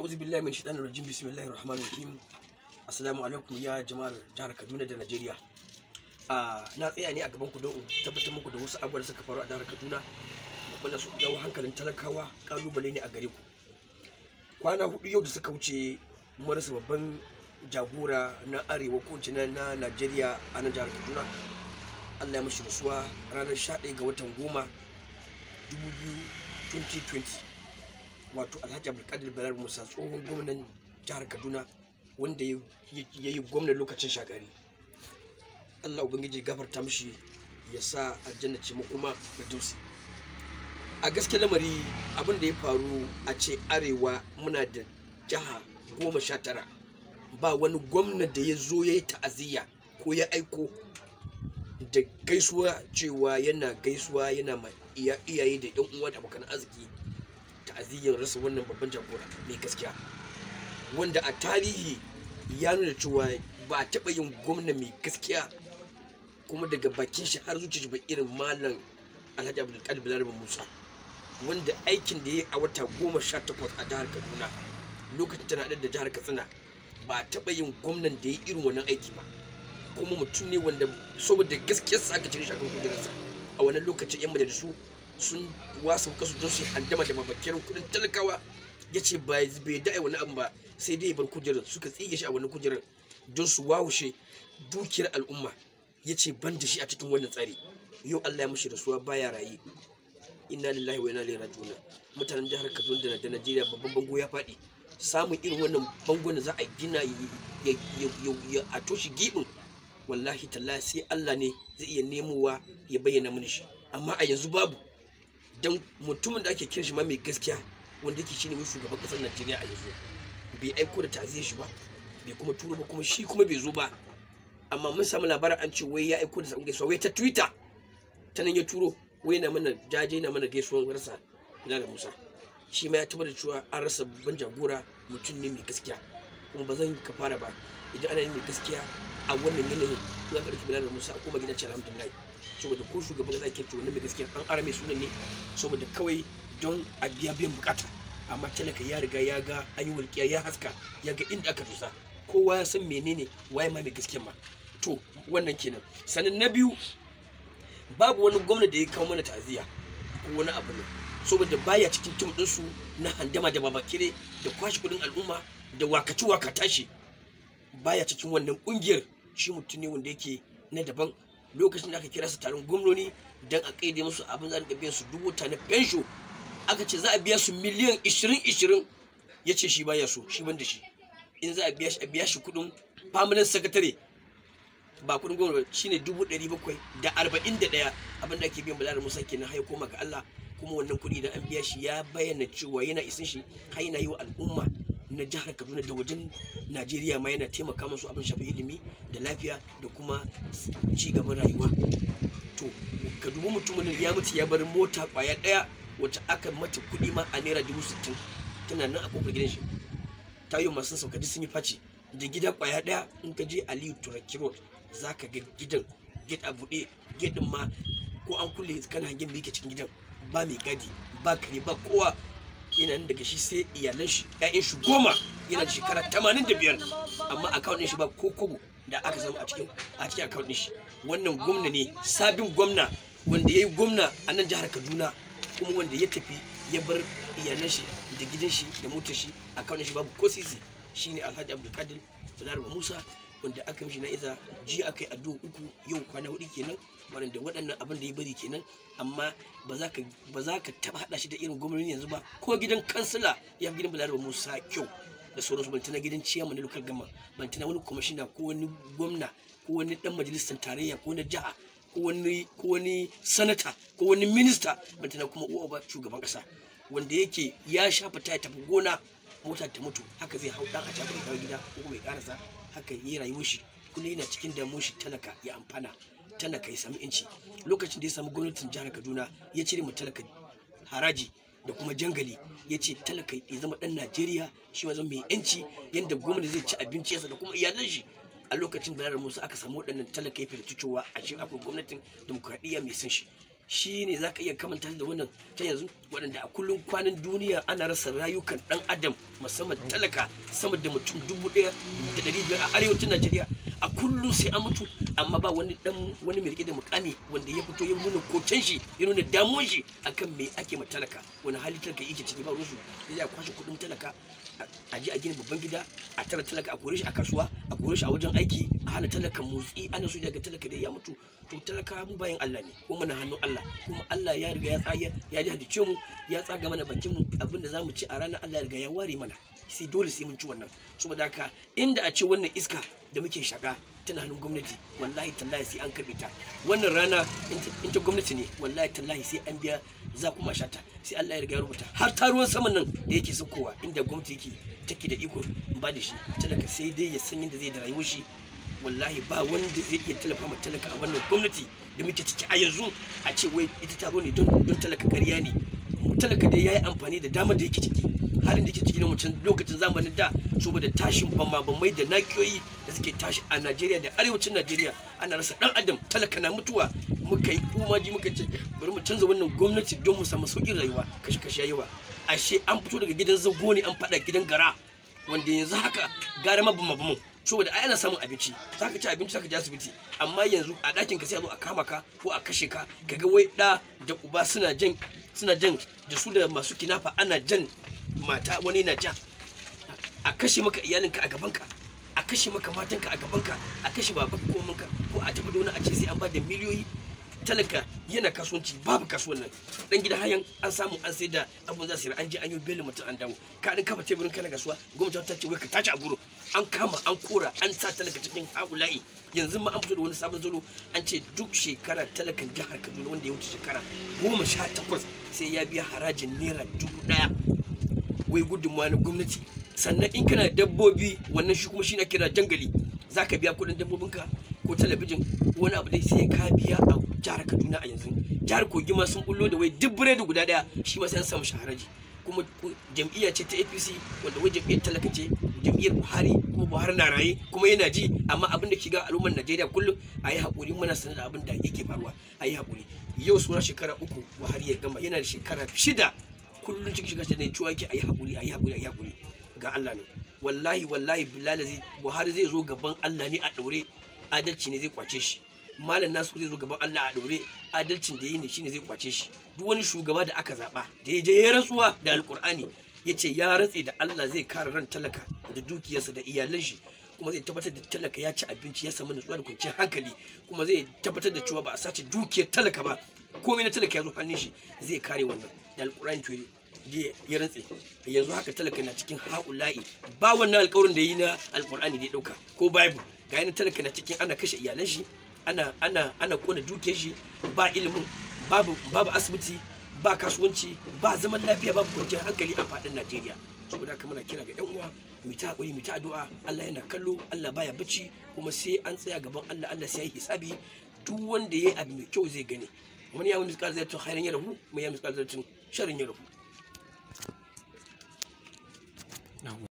a'udhu billahi min shaitanir rajim bismillahir rahmanir rahim assalamu alaikum ya jama'ar jihar Kaduna da Najeriya ah, na tsaya ne a gaban ku don tabbatar muku da wasu abubuwa da suka faru a jihar Kaduna wanda su dawo hankalin talakawa kalubale ne a gare ku kwana hudu yau da suka wuce marasa rasa babban jagora na arewa ko na Najeriya a nan jihar Kaduna Allah ya mashi rasuwa ranar 11 ga watan goma 2020 wato alhaji abdulkadir balar musa tsohon gwamnan jihar kaduna wanda ya yi gwamnan lokacin shagari allah ubangiji gafarta mishi ya sa aljanna ce kuma da dausi a gaske lamari abin da ya faru a ce arewa muna da jiha goma sha tara ba wani gwamna da ya zo ya yi ta'aziyya ko ya aiko da gaisuwa cewa yana gaisuwa yana ma iyaye da yan uwa da abokan arziki ta'aziyyar rasa wannan babban jagora mai gaskiya wanda a tarihi ya nuna cewa ba a taɓa yin gwamna mai gaskiya kuma daga bakin shi har zuciya ba irin malam alhaji abdulkadir bilarba musa wanda aikin da ya yi a wata goma sha takwas a jihar kaduna lokacin tana da jihar katsina ba a taɓa yin gwamnan da ya yi irin wannan aiki ba kuma mutum ne wanda saboda gaskiyarsa aka cire shi akan kujerarsa a wannan lokacin yan majalisu sun wasa kasu don su handama da mabakin kudin talakawa ya ce bai da'a wani abu ba sai dai bar kujerar suka tsige shi a wani kujerar don su wawushe dukiyar al'umma ya ce ban da shi a cikin wannan tsari yau Allah ya mushi rasuwa baya raye inna lillahi wa inna ilaihi raji'un mutanen jihar Kaduna da Najeriya babban bango ya fadi. samun irin wannan bangon da za a gina ya a toshi gibin wallahi tallahi sai Allah ne zai iya nemowa ya bayyana mini shi amma a yanzu babu don mutumin da ake kira shi ma mai gaskiya wanda yake shine shugaban kasar Najeriya a yanzu bai aiko da taziyar shi ba bai kuma turo ba kuma shi kuma bai zo ba amma mun samu labarin an ce wai ya aiko da sabon gaisuwa wai ta Twitter ta nan ya turo wai na mana jaje na mana gaisuwan rasa ina da Musa shi ma ya da cewa an rasa babban jagora mutum ne mai gaskiya kuma ba zan ka fara ba idan ana yin mai gaskiya a wannan yanayin ya karfi bilal musa kuma gidan ce alhamdulillah saboda ko shugaban zai ke wannan mai gaskiya an arame sunan ne saboda kawai don a biya biyan bukata amma talaka ya riga ya ga an yi walƙiya ya haska ya ga inda aka tusa kowa ya san menene waye ma mai gaskiya ma to wannan kenan sannan na biyu babu wani gwamna da ya kawo mana ta'aziyya ko wani abu ne saboda baya cikin tim ɗinsu na handama da babakire da kwashe kuɗin al'umma da wakaci waka tashi baya cikin wannan kungiyar shi mutum ne wanda yake na daban lokacin da aka kira su taron gwamnoni don a kaide musu abin za a biya su dubu ta na fensho aka ce za a biya su miliyan ishirin ishirin ya ce shi baya so shi banda shi in za a biya shi a biya shi kuɗin permanent secretary ba kuɗin gwamnati shi shine dubu ɗari bakwai da arba'in da ɗaya abin da ake biyan da musa kenan har koma ga Allah kuma wannan kuɗi da an biya shi ya bayyana cewa yana isin shi har yana yi wa al'umma na jihar kaduna da wajen najeriya ma yana taimaka musu abin shafi ilimi da lafiya da kuma ci gaban rayuwa to ka dubi mutumin ya mutu ya bar mota kwaya daya wacce aka mata kuɗi ma a naira dubu sittin tana nan a kofar gidan shi tayo masu saukaji sun yi face da gida kwaya daya in ka je aliyu turaki road za ka ga gidan gate a buɗe gate ma ko an kulle kana hangin da yake cikin gidan ba mai gadi ba kare ba kowa yana daga shi sai iyalan shi ƴaƴan shi goma yana da shekara tamanin da biyar amma akawun din shi ba ko kobo da aka samu a cikin a cikin din shi wannan gwamna ne sabin gwamna wanda ya yi gwamna a nan jihar Kaduna kuma wanda ya tafi ya bar iyalan shi da gidan shi da motar shi akawun din shi babu ko sisi shine Alhaji Abdulkadir Fulani Musa wanda aka mishi na'iza ji aka yi addu'a uku yau kwana hudu kenan da waɗannan abin da ya bari kenan amma ba za ka taɓa haɗa shi da irin gwamnati yanzu ba ko gidan kansila ya fi gidan balaraba musa kyau da sauransu ban bantana gidan ciyaman na lokal gama ban wani kwamishina ko wani gwamna ko wani dan majalisar tarayya ko wani jiha ko wani ko wani sanata ko wani minista ban kuma uwa ba shugaban kasa wanda yake ya shafa ta tafi gona mota ta mutu haka zai hau ɗan a can gida ko bai karasa haka yi rayuwar shi kuna yana cikin da shi talaka ya amfana talaka ya samu inci lokacin da ya samu gwamnatin jihar Kaduna ya cire mu talaka haraji da kuma jangali ya ce talaka ya zama ɗan Najeriya shi ma zama mai yanci yadda gwamnati zai ci abinci yasa da kuma iyalan shi a lokacin da Musa aka samu waɗannan talaka ya fahimci cewa a shi akwai gwamnatin demokradiyya mai son shi shi ne za ka iya kamanta da wannan ta yanzu waɗanda a kullum kwanan duniya ana rasa rayukan ɗan adam musamman talaka sama da mutum dubu ɗaya da ɗari biyar a arewacin najeriya a kullum sai an mutu amma ba wani dan wani mai rike da mukami wanda ya fito ya nuna koken shi ya nuna damuwar shi akan me ake ma talaka wani hali talaka yake ciki ba rusu ya kwashe kudin talaka a je a gina babban gida a tara talaka a kore shi a kasuwa a kore shi a wajen aiki a hana talaka motsi ana so daga talaka da ya mutu to talaka mu bayan Allah ne kuma na hannun Allah kuma Allah ya riga ya tsaya ya ji hadice mu ya tsaga mana bakin mu abinda zamu ci a ranar Allah ya riga ya ware mana sai dole sai mun ci wannan saboda haka inda a ce wannan iska da muke shaga tana hannun gwamnati wallahi tallahi sai an karbe ta wannan rana in ta gwamnati ne wallahi tallahi sai an biya za ma shata sai Allah ya riga ya rubuta har ta ruwan saman nan da yake saukowa inda gwamnati yake take da iko ba da shi talaka sai dai ya san yadda zai da rayuwar shi wallahi ba wanda zai iya tallafawa ma talaka a wannan gwamnati da muke ciki a yanzu a ce wai ita ta ne don talaka karya ne talaka dai ya yi amfani da damar da yake ciki halin da ke cikin mutum lokacin zamanin da saboda tashin mai da nakiyoyi da suke tashi a najeriya da arewacin najeriya ana rasa dan adam talaka na mutuwa muka yi kumaji muka ce bari mu canza wannan gwamnati don mu samu sauƙin rayuwa kashe kashe yawa ashe an fito daga gidan zago ne an faɗa gidan gara wanda yanzu haka gara ma bamu saboda ai ana samun abinci zaka ci abinci zaka je asibiti amma yanzu a dakin ka sai a zo a kama ka ko a kashe ka kaga wai da da uba suna jan suna jan da su da masu kinafa ana jan mata wani na ja a kashe maka iyalinka a gabanka a kashe maka matanka a gabanka a kashe babanka ko manka ko a tafi da wani a ce sai an ba da miliyoyi talaka yana kasuwanci babu kasuwan nan dan gida hayan an samu an sai da abun za su yi an je an yi belin mutum an dawo ka an kafa teburin kana kasuwa gwamnati ta ce wai ka tace a guro an kama an kora an sa talaka cikin haula'i yanzu ma an fito da wani sabon zolo an ce duk shekara talakan jihar kaduna wanda ya wuce shekara goma sha takwas sai ya biya harajin naira dubu daya wai gudunmawa na gwamnati sannan in kana dabbobi wannan shi kuma shine kira jangali za ka biya kuɗin dabbobinka ko talabijin wani abu dai sai ka biya a jihar kaduna a yanzu jihar kogi ma sun bullo da wai duk biredi guda daya shi ma sai samu shaharaji kuma jam'iyya ce ta apc wanda wai jam'iyyar talaka ce jam'iyyar buhari kuma buhari na raye kuma yana ji amma abin da shiga al'ummar najeriya kullum a yi haƙuri muna sanar da abin da yake faruwa a yi haƙuri yau suna shekara uku buhari ya gama yana da shekara shida kullum cikin shiga shaɗai cewa yake a yi haƙuri a yi haƙuri a yi haƙuri ga Allah ne wallahi wallahi bilal zai buhari zai zo gaban Allah ne a ɗaure adalci ne zai kwace shi malam nasu zai zo gaban Allah a ɗaure adalcin da ya yi ne shine zai kwace shi duk wani shugaba da aka zaɓa da ya je ya rantsuwa da alƙur'ani ya ce ya rantse da Allah zai kare ran talaka da dukiyarsa da iyalan shi kuma zai tabbatar da talaka ya ci abinci ya samu nutsuwa da kwanciyar hankali kuma zai tabbatar da cewa ba a sace dukiyar talaka ba komai na talaka ya zo hannun shi zai kare wannan da alƙur'ani to ya rantse yanzu haka talaka na cikin haula'i ba wannan alƙawarin da yi na alƙur'ani da ya ɗauka ko bible ga yana talaka na cikin ana kashe iyalan shi ana ana ana kona dukiyar shi ba ilimin babu babu asibiti ba kasuwanci ba zaman lafiya babu kwanciyar hankali a faɗin Najeriya saboda haka muna kira ga yan uwa mu ta hakuri mu ta addu'a Allah yana kallo Allah baya bacci kuma sai an tsaya gaban Allah Allah sai ya hisabi duk wanda yayi abu mai kyau zai gane wani ya wani zai to khairan yarahu mai ya misqal zai sori ñu